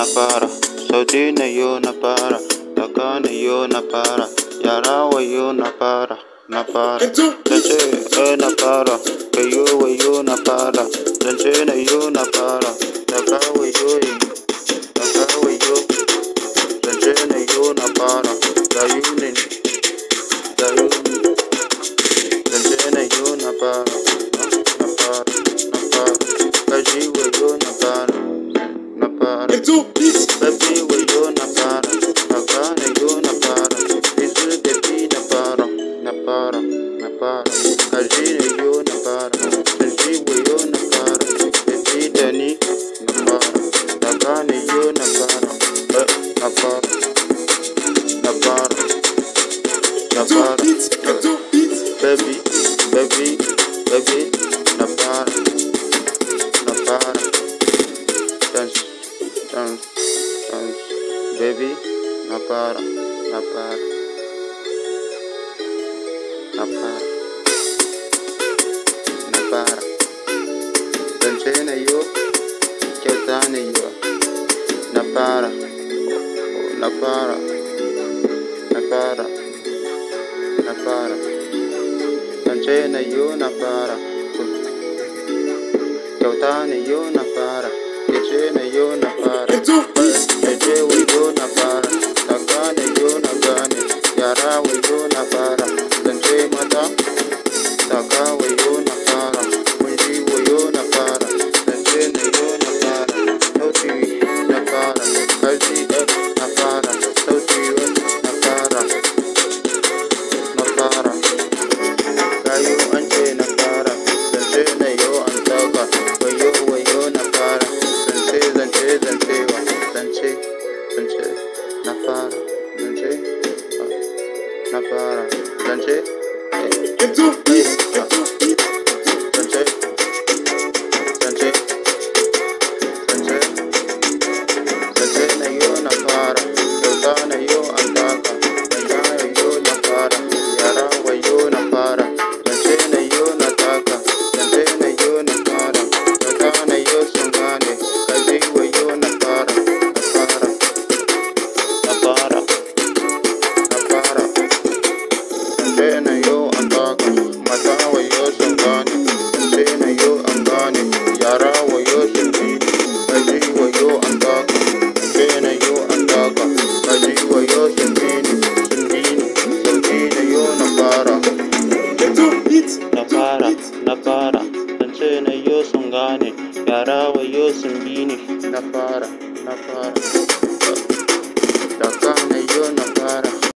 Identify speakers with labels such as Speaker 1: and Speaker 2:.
Speaker 1: Na para, saudi saudina yo na napara takana yo na napara yarawa yo na para, na para, zance e napara kayowa yo na para, zance na yo na napara takawa yo takawa yo zance na yo napara dayunin dayunin zance na yo na para. beats, I do beats. Baby, baby, baby, na para, na para. Dance, dance, dance. Baby, na para, na para, na para, na para. Dance na yo, chata na yo, na para, na para. pena y una para. Kautana y una para. Kechena y una para. Echewe eh. y una para. Tagane y una gane. Yarawe y una para. Tenche mata. Tagawe. and shit. Eh, ce na yo an baka na da na